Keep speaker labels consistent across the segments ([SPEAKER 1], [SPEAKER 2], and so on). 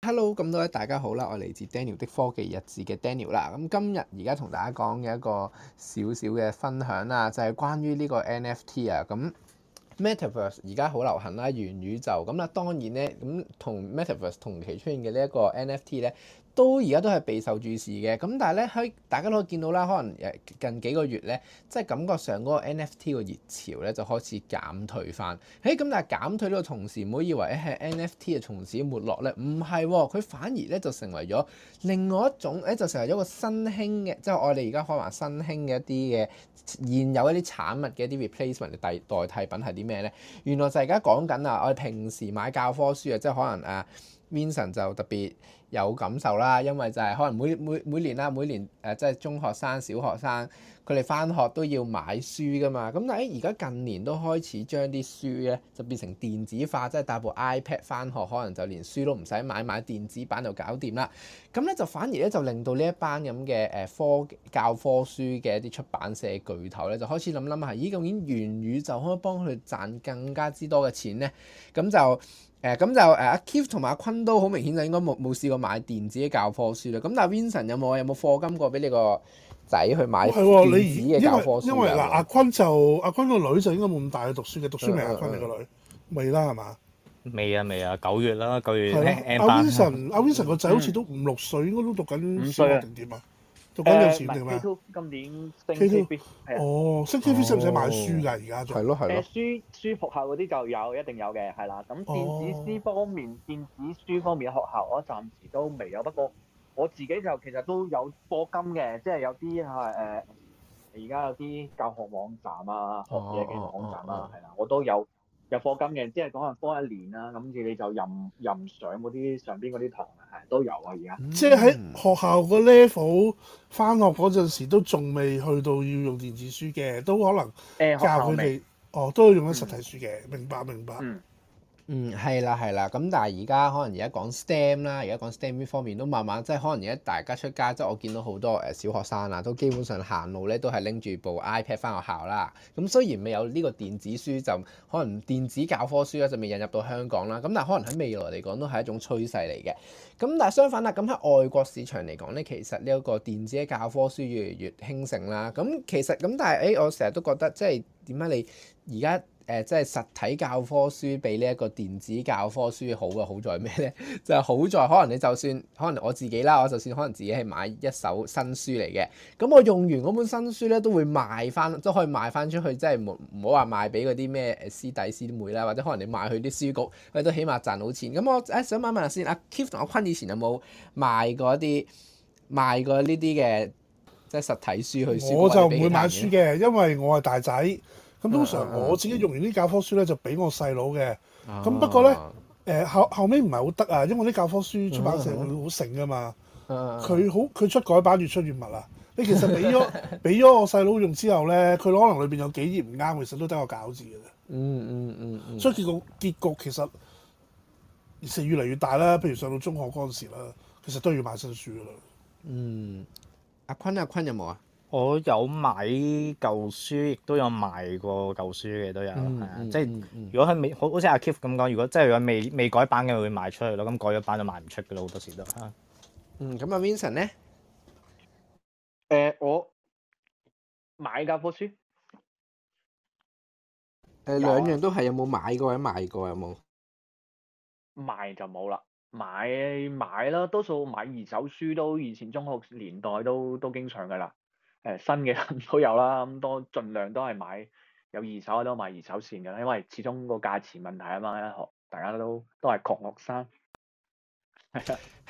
[SPEAKER 1] Hello，咁多位大家好啦，我嚟自 Daniel 的科技日誌嘅 Daniel 啦。咁今日而家同大家講嘅一個小小嘅分享啦，就係關於呢個 NFT 啊。咁 Metaverse 而家好流行啦，元宇宙咁啦。當然咧，咁同 Metaverse 同期出現嘅呢一個 NFT 咧。都而家都係備受注視嘅，咁但係咧喺大家都可以見到啦，可能誒近幾個月咧，即係感覺上嗰個 NFT 嘅熱潮咧就開始減退翻。誒、欸、咁，但係減退呢個同時，唔好以為係 NFT 啊從此沒落咧，唔係、哦，佢反而咧就成為咗另外一種誒，就成為咗一個新興嘅，即係我哋而家可能話新興嘅一啲嘅現有一啲產物嘅一啲 replacement 代代替品係啲咩咧？原來就係而家講緊啊，我哋平時買教科書啊，即係可能誒 Vincent 就特別。有感受啦，因為就係可能每每每年啦，每年誒即係中學生、小學生，佢哋翻學都要買書噶嘛。咁但係而家近年都開始將啲書咧就變成電子化，即係帶部 iPad 翻學可能就連書都唔使買，買電子版就搞掂啦。咁咧就反而咧就令到呢一班咁嘅誒科教科書嘅一啲出版社巨頭咧，就開始諗諗啊，咦？究竟元宇宙可唔可以幫佢賺更加之多嘅錢咧？咁就誒、呃、咁就誒阿 Keith 同埋阿坤都好明顯就應該冇冇試過。買電子嘅教科書啦，咁但係 Vincent 有冇有冇課金過俾你個
[SPEAKER 2] 仔去買電子嘅教科書？哦啊、因為嗱、呃，阿坤就阿坤個女就應該冇咁大去讀書嘅？讀書未？阿坤你個女未啦係嘛？
[SPEAKER 3] 未啊未啊，九、啊、月啦九月。阿 Vincent 阿 Vincent 個仔好似都
[SPEAKER 2] 五六歲，應該都讀緊小學定點啊？歲做緊有時定係
[SPEAKER 3] 今年升 KTV，哦，
[SPEAKER 2] 升 KTV 使唔使買書㗎？而家仲係咯係
[SPEAKER 3] 咯。書書校服嗰啲就有一定有嘅，係啦。咁電,、oh. 電子書方面，電子書方面嘅學校我暫時都未有。不過我自己就其實都有課金嘅，即、就、係、是、有啲係誒，而、呃、家有啲教學網站啊，學嘢嘅網站啊，係啦、oh.，我都有。有課金嘅，即係可能多一年啦，咁你就任任上嗰啲上邊嗰啲堂啊，都有啊而家。嗯、即係喺
[SPEAKER 2] 學校個 level，翻學嗰陣時都仲未去到要用電子書嘅，都可能教佢哋、欸、哦，都係用緊實體書嘅、嗯，明白明白。嗯嗯，係啦，係啦。咁但係而家可能而家講
[SPEAKER 1] STEM 啦，而家講 STEM 呢方面都慢慢即係可能而家大家出街，即係我見到好多誒小學生啊，都基本上行路咧都係拎住部 iPad 返學校啦。咁、嗯、雖然未有呢個電子書，就可能電子教科書咧就未引入到香港啦。咁但係可能喺未來嚟講都係一種趨勢嚟嘅。咁、嗯、但係相反啦，咁、嗯、喺外國市場嚟講咧，其實呢一個電子嘅教科書越嚟越興盛啦。咁、嗯、其實咁但係誒、欸，我成日都覺得即係點解你而家？誒、呃，即係實體教科書比呢一個電子教科書好嘅好在咩咧？ 就係好在可能你就算可能我自己啦，我就算可能自己係買一手新書嚟嘅。咁我用完嗰本新書咧，都會賣翻，都可以賣翻出去。即係唔好話賣俾嗰啲咩誒師弟師妹啦，或者可能你賣去啲書局，佢都起碼賺到錢。咁我誒想問問下先，阿、啊、Kief 同阿坤以前有冇賣過一啲賣過呢啲嘅即係實體書去書？我就唔會買書
[SPEAKER 2] 嘅，因為我係大仔。咁通常我自己用完啲教科書咧， 就俾我細佬嘅。
[SPEAKER 1] 咁不過咧，
[SPEAKER 2] 誒、 呃、後後尾唔係好得啊，因為啲教科書出版社會好醒噶嘛。佢好佢出改版越出越密啦。你其實俾咗俾咗我細佬用之後咧，佢可能裏邊有幾頁唔啱，其實都得個餃子嘅。嗯嗯嗯。 所以結局結局其實越嚟越大啦。譬如上到中學嗰陣時啦，其實都要買新書噶啦。 嗯。阿坤阿坤有
[SPEAKER 1] 冇啊？啊啊啊我有買舊書，亦都有賣過舊書嘅都有，即係如果係未好好似阿 Kif 咁講，如果，如果即係有未未改版嘅會賣出去咯，咁改咗版就賣唔出嘅啦，好多時都嗯，咁阿 Vincent 咧？誒、呃，我買舊書，誒、呃、兩樣都係有冇買過啊？賣過有冇？
[SPEAKER 3] 賣就冇啦，買，買買啦，多數買二手書都以前中學年代都都經常噶啦。誒新嘅都有啦，咁多盡量都係買有二手都買二手線嘅，因為始終個價錢問題啊嘛，大家都都係窮學生。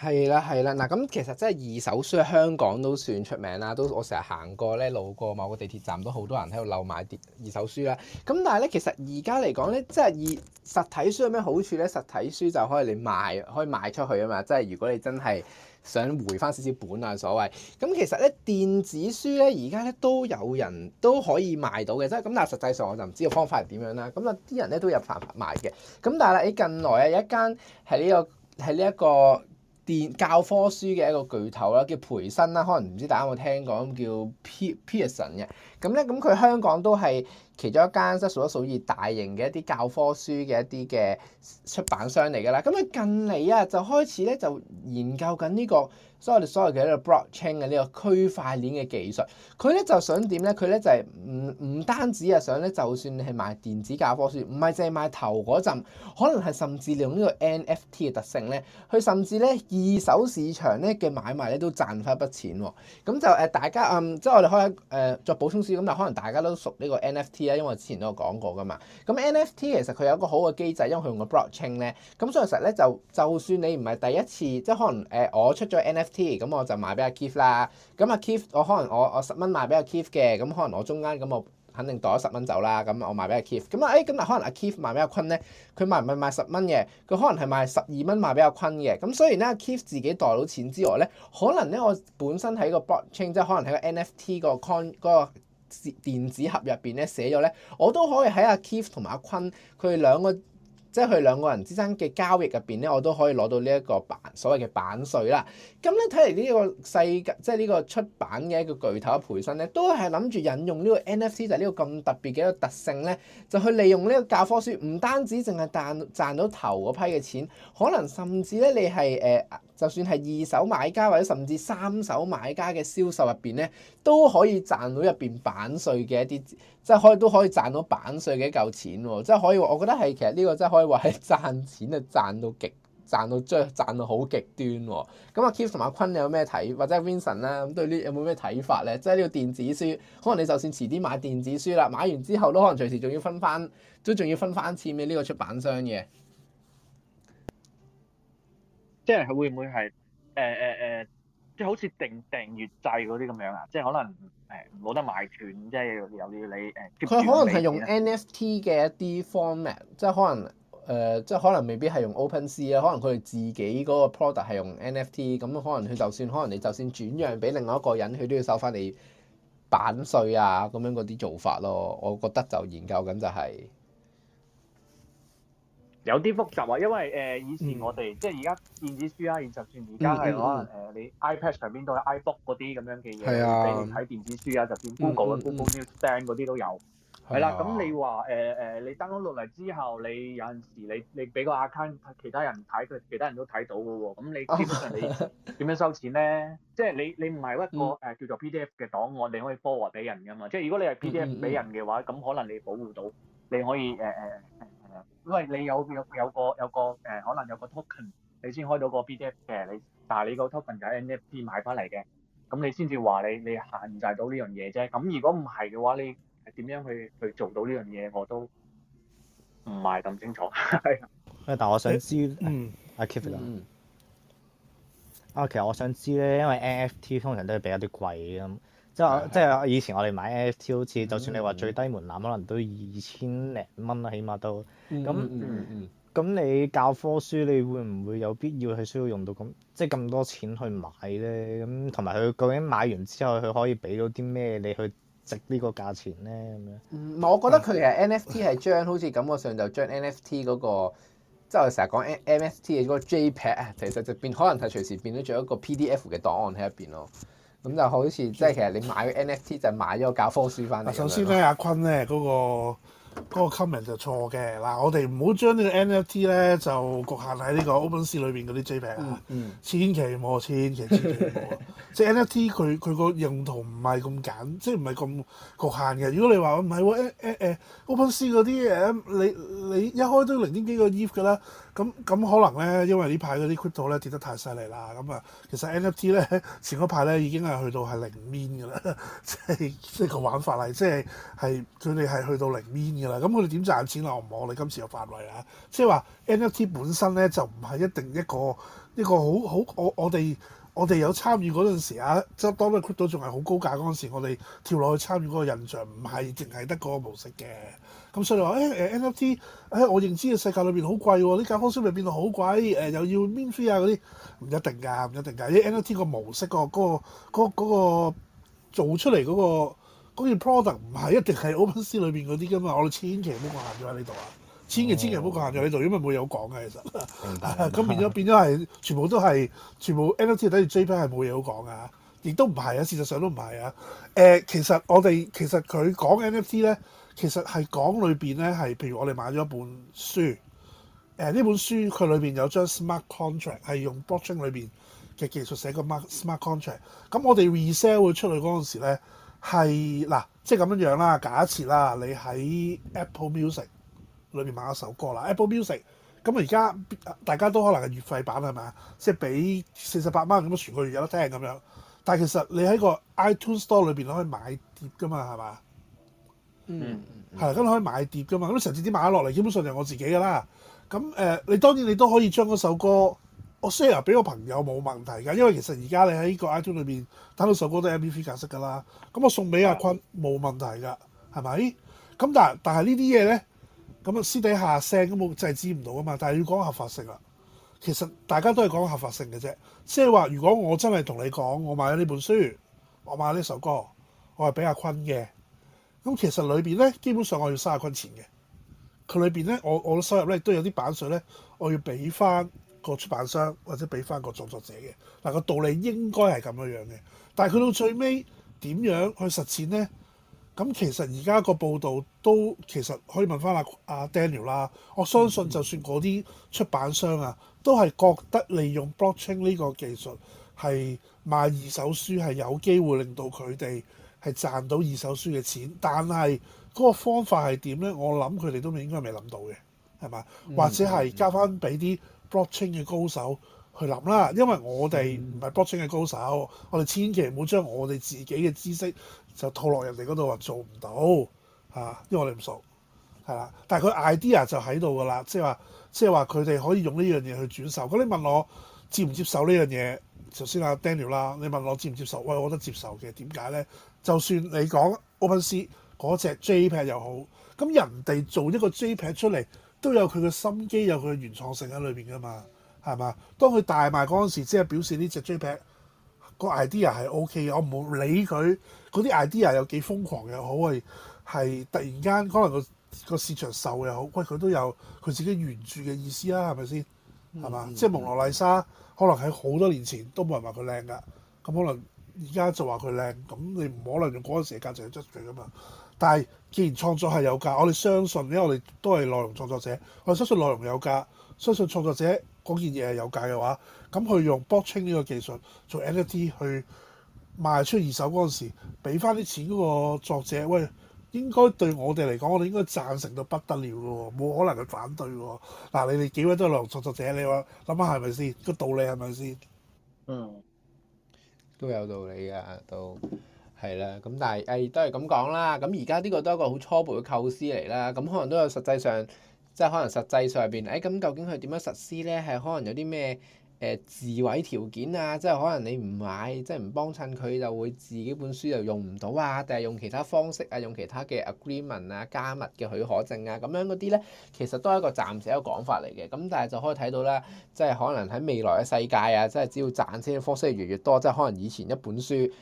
[SPEAKER 1] 係啦，係啦，嗱咁其實真係二手書喺香港都算出名啦，都我成日行過咧，路過某個地鐵站都好多人喺度漏買啲二手書啦。咁但係咧，其實而家嚟講咧，即係二實體書有咩好處咧？實體書就可以你賣，可以賣出去啊嘛。即係如果你真係想回翻少少本啊，所謂咁，其實咧電子書咧，而家咧都有人都可以賣到嘅，即係咁。但係實際上我就唔知個方法係點樣啦。咁啊，啲人咧都有辦法賣嘅。咁但係咧，喺近來啊，有一間係呢個。喺呢一個電教科書嘅一個巨頭啦，叫培生啦，可能唔知大家有冇聽過，咁叫 P Pearson 嘅，咁咧咁佢香港都係。其中一間即係數一數二大型嘅一啲教科書嘅一啲嘅出版商嚟㗎啦，咁佢近嚟啊就開始咧就研究緊呢個，所以我哋所謂嘅呢個 blockchain 嘅呢個區塊鏈嘅技術呢，佢咧就想點咧？佢咧就係唔唔單止啊想咧，就算你係賣電子教科書，唔係淨係賣頭嗰陣，可能係甚至利用呢個 NFT 嘅特性咧，佢甚至咧二手市場咧嘅買賣咧都賺翻一筆錢喎。咁就誒大家嗯，即係我哋可以誒作補充書咁，就可能大家都熟呢個 NFT。因為我之前都有講過噶嘛，咁 NFT 其實佢有一個好嘅機制，因為佢用個 blockchain 咧，咁所以其實咧就就算你唔係第一次，即係可能誒我出咗 NFT，咁我就賣俾阿 Keef 啦，咁阿 Keef 我可能我我十蚊賣俾阿 Keef 嘅，咁可能我中間咁我肯定袋咗十蚊走啦，咁我賣俾阿 Keef，咁啊誒咁嗱可能阿 Keef 賣俾阿坤咧，佢賣唔係賣十蚊嘅，佢可能係賣十二蚊賣俾阿坤嘅，咁所以咧阿 Keef 自己袋到錢之外咧，可能咧我本身喺個 blockchain，即係可能喺個 NFT 個 con 嗰個。電子盒入邊咧寫咗咧，我都可以喺阿 Keith 同埋阿坤佢哋兩個，即係佢哋兩個人之間嘅交易入邊咧，我都可以攞到呢一個版所謂嘅版稅啦。咁咧睇嚟呢一個世即係呢個出版嘅一個巨頭嘅培生咧，都係諗住引用呢個 NFT 就係呢個咁特別嘅一個特性咧，就去利用呢個教科書，唔單止淨係賺賺到頭嗰批嘅錢，可能甚至咧你係誒。呃就算係二手買家或者甚至三手買家嘅銷售入邊咧，都可以賺到入邊版稅嘅一啲，即係可以都可以賺到版稅嘅一嚿錢喎。即係可以我覺得係其實呢個真係可以話係賺錢就賺到極賺到最賺到好極端喎。咁、嗯、阿、啊、Keith 同阿坤你有咩睇？或者 Vincent 咧，咁對有有呢有冇咩睇法咧？即係呢個電子書，可能你就算遲啲買電子書啦，買完之後都可能隨時仲要分翻，都仲要分翻一次俾呢個出版商嘅。Format, 即係佢會唔會係誒誒誒，即係好似定訂月制嗰啲咁樣啊？即係可
[SPEAKER 3] 能誒冇得賣斷，即係又要你
[SPEAKER 1] 誒。佢可能係用 NFT 嘅一啲 format，即係可能誒，即係可能未必係用 OpenSea 啊，可能佢自己嗰個 product 係用 NFT，咁可能佢就算可能你就算轉讓俾另外一個人，佢都要收翻你版稅啊咁樣嗰啲做法咯。我覺得就研究緊就係、是。
[SPEAKER 3] 有啲複雜啊，因為誒以前我哋即係而家電子書啊，而就算而家係可能誒你 iPad 上邊都有 iBook 嗰啲咁樣嘅嘢俾你睇電子書啊，就算 Google 啊 Google Newsstand 嗰啲都有。係啦，咁你話誒誒，你登錄落嚟之後，你有陣時你你俾個 account 其他人睇，佢其他人都睇到㗎喎。咁你基本上你點樣收錢咧？即係你你唔係一個誒叫做 PDF 嘅檔案，你可以 forward 俾人噶嘛。即係如果你係 PDF 俾人嘅話，咁可能你保護到，你可以誒誒。因為，你有有有個有個誒、呃，可能有個 token，你先開到個 BDF 嘅，你但係你個 token 就係 NFT 買翻嚟嘅，咁你先至話你你限制到呢樣嘢啫。咁如果唔係嘅話，你點樣去去做到呢樣嘢，我都唔係咁清楚。
[SPEAKER 1] 係， 但係我想知，嗯，阿 Kevin 啊，I 嗯、啊，其實我想知咧，因為 NFT 通常都係比較啲貴咁。即係即係以前我哋買 NFT 好似，就算你話最低門檻可能都二千零蚊啦，起碼都。咁咁你教科書你會唔會有必要係需要用到咁即係咁多錢去買咧？咁同埋佢究竟買完之後佢可以俾到啲咩你去值呢個價錢咧？咁樣。嗯，我覺得佢其實 NFT 係將好似感覺上就將 NFT 嗰個，即係我成日講 NFT 嗰個 JPEG 啊，其實就變可能係隨時變咗做一個 PDF 嘅檔案喺入邊咯。咁就好似即係其實你買 NFT 就買咗教科書翻嚟。首先
[SPEAKER 2] 咧，阿、啊、坤咧嗰、嗰個嗰個 comment 就錯嘅。嗱，我哋唔好將呢個 NFT 咧就局限喺呢個 OpenSea 裏邊嗰啲 J 幣啊、嗯嗯，千祈唔好，千祈千祈唔好。即係 NFT 佢佢個用途唔係咁簡，即係唔係咁局限嘅。如果你話唔係喎，誒、欸、誒、欸欸、OpenSea 嗰啲誒，你你一開都零點幾個 E 㗎啦。咁咁可能咧，因為呢排嗰啲 crypto 咧跌得太犀利啦，咁啊，其實 NFT 咧前嗰排咧已經係去到係零 mean 嘅啦，即係即係個玩法嚟，即係係佢哋係去到零 mean 嘅啦。咁佢哋點賺錢啊？我唔我哋今次嘅範圍啊，即係話 NFT 本身咧就唔係一定一個一個好好，我我哋我哋有參與嗰陣時啊，即係當啲 crypto 仲係好高價嗰陣時，我哋跳落去參與嗰個印象唔係淨係得嗰個模式嘅。咁所以話 NFT 喺、欸、我認知嘅世界裏邊好貴喎、啊，啲教科書變到好貴誒、呃，又要 mint fee 啊嗰啲唔一定㗎，唔一定㗎。啲 NFT 個模式、嗰個嗰、嗰個嗰、嗰個嗰個、做出嚟嗰、嗰個件 product 唔係一定係 OpenSea 裏邊嗰啲㗎嘛，我哋千祈唔好行咗喺呢度啊！千祈千祈唔好行咗喺度，因為冇嘢好講㗎，其實。咁 變咗變咗係全部都係全部 NFT 睇住 JPEG 係冇嘢好講㗎，亦都唔係啊！事實上都唔係啊。誒、呃，其實我哋其實佢講 NFT 咧。其實係講裏邊咧，係譬如我哋買咗一本書，誒、呃、呢本書佢裏邊有張 smart contract，係用 Blockchain 裏邊嘅技術寫個 smart contract。咁我哋 resell 佢出去嗰陣時咧，係嗱即係咁樣樣啦，假設啦，你喺 Apple Music 裏邊買一首歌啦，Apple Music，咁而家大家都可能係月費版係咪啊？即係俾四十八蚊咁樣，全個月有得聽咁樣。但係其實你喺個 iTunes Store 裏邊都可以買碟㗎嘛，係嘛？嗯，係啦、mm，咁、hmm. 可以買碟噶嘛？咁你成次啲買咗落嚟，基本上就我自己噶啦。咁誒、呃，你當然你都可以將嗰首歌我 share 俾我朋友，冇問題㗎。因為其實而家你喺呢個 iTune 裏邊，聽到首歌都係 MP3 格式㗎啦。咁我送俾阿坤冇的問題㗎，係咪？咁但係但係呢啲嘢咧，咁啊私底下 send 咁我制止唔到㗎嘛。但係要講合法性啦，其實大家都係講合法性嘅啫。即係話，如果我真係同你講，我買咗呢本書，我買咗呢首歌，我係俾阿坤嘅。咁其實裏邊咧，基本上我要三十蚊錢嘅。佢裏邊咧，我我嘅收入咧，亦都有啲版稅咧，我要俾翻個出版商或者俾翻個作作者嘅。嗱，個道理應該係咁樣樣嘅，但係佢到最尾點樣去實踐咧？咁其實而家個報導都其實可以問翻阿阿 Daniel 啦。我相信就算嗰啲出版商啊，都係覺得利用 Blockchain 呢個技術係賣二手書係有機會令到佢哋。係賺到二手書嘅錢，但係嗰個方法係點呢？我諗佢哋都應該未諗到嘅，係嘛？嗯、或者係交翻俾啲 blockchain 嘅高手去諗啦。因為我哋唔係 blockchain 嘅高手，嗯、我哋千祈唔好將我哋自己嘅知識就套落人哋嗰度，話做唔到嚇，因為我哋唔熟係啦。但係佢 idea 就喺度㗎啦，即係話即係話佢哋可以用呢樣嘢去轉售。咁你問我接唔接受呢樣嘢？首先阿、啊、Daniel 啦，你問我接唔接受？喂，我覺得接受嘅，點解呢？就算你講 OpenSea 嗰隻 JPEG 又好，咁人哋做一個 JPEG 出嚟都有佢嘅心機，有佢嘅原創性喺裏邊噶嘛，係嘛？當佢大賣嗰陣時，即係表示呢隻 JPEG 個 idea 係 OK 嘅。我唔好理佢嗰啲 idea 又幾瘋狂又好，係係突然間可能個、那個市場受又好，喂，佢都有佢自己原著嘅意思啦、啊，係咪先？係嘛、mm？Hmm. 即係蒙羅麗莎，可能喺好多年前都冇人話佢靚噶，咁可能。而家就話佢靚，咁你唔可能用嗰陣時嘅價值去出佢噶嘛？但係既然創作係有價，我哋相信因為，我哋都係內容創作者，我相信內容有價，相信創作者嗰件嘢係有價嘅話，咁佢用 blockchain 呢個技術做 NFT 去賣出二手嗰陣時，俾翻啲錢嗰個作者，喂，應該對我哋嚟講，我哋應該贊成到不得了噶喎，冇可能去反對喎。嗱、啊，你哋幾位都係內容創作者，你話諗下係咪先？個道理係咪先？嗯。
[SPEAKER 1] 都有道理㗎，都係啦。咁但係誒、哎，都係咁講啦。咁而家呢個都係一個好初步嘅構思嚟啦。咁可能都有實際上，即係可能實際上邊誒？咁、哎、究竟佢點樣實施呢？係可能有啲咩？誒自毀條件啊，即係可能你唔買，即係唔幫襯佢，就會自己本書又用唔到啊，定係用其他方式啊，用其他嘅 agreement 啊，加密嘅許可證啊，咁樣嗰啲咧，其實都係一個暫時一個講法嚟嘅。咁但係就可以睇到啦，即係可能喺未來嘅世界啊，即係只要賺錢嘅方式越嚟越多，即係可能以前一本書。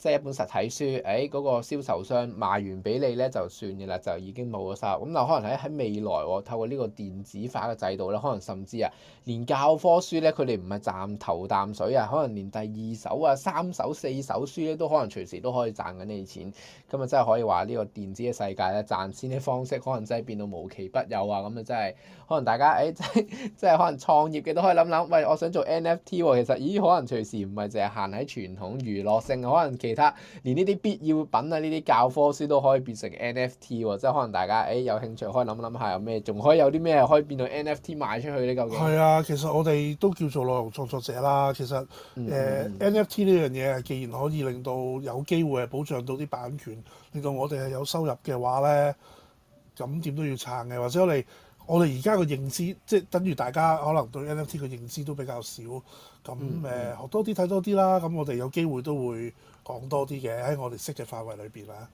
[SPEAKER 1] 即係一本實體書，誒、哎、嗰、那個銷售商賣完俾你咧，就算嘅啦，就已經冇咗收入。咁嗱，可能喺喺未來透過呢個電子化嘅制度咧，可能甚至啊，連教科書咧，佢哋唔係賺頭啖湯啊，可能連第二手啊、三手、四手書咧，都可能隨時都可以賺緊你啲錢。咁啊，真係可以話呢、這個電子嘅世界咧，賺錢嘅方式可能真係變到無奇不有啊！咁啊，真係可能大家誒，即係即係可能創業嘅都可以諗諗，喂，我想做 NFT 喎，其實咦，可能隨時唔係淨係行喺傳統娛樂性，可能其他，連呢啲必要品啊，呢啲教科書都可以變成 NFT 喎、哦，即係可能大家誒、哎、有興趣可以諗諗下有咩，仲可以有啲咩可以變到 NFT 賣出去呢？究竟係啊，
[SPEAKER 2] 其實我哋都叫做內容創作者啦。其實誒、嗯呃、NFT 呢樣嘢，既然可以令到有機會係保障到啲版權，令到我哋係有收入嘅話咧，咁點都要撐嘅。或者我哋我哋而家嘅認知，即係等於大家可能對 NFT 嘅認知都比較少，咁誒、呃、學多啲睇多啲啦。咁我哋有機會都會。講多啲嘅喺我哋識嘅範圍裏邊啦。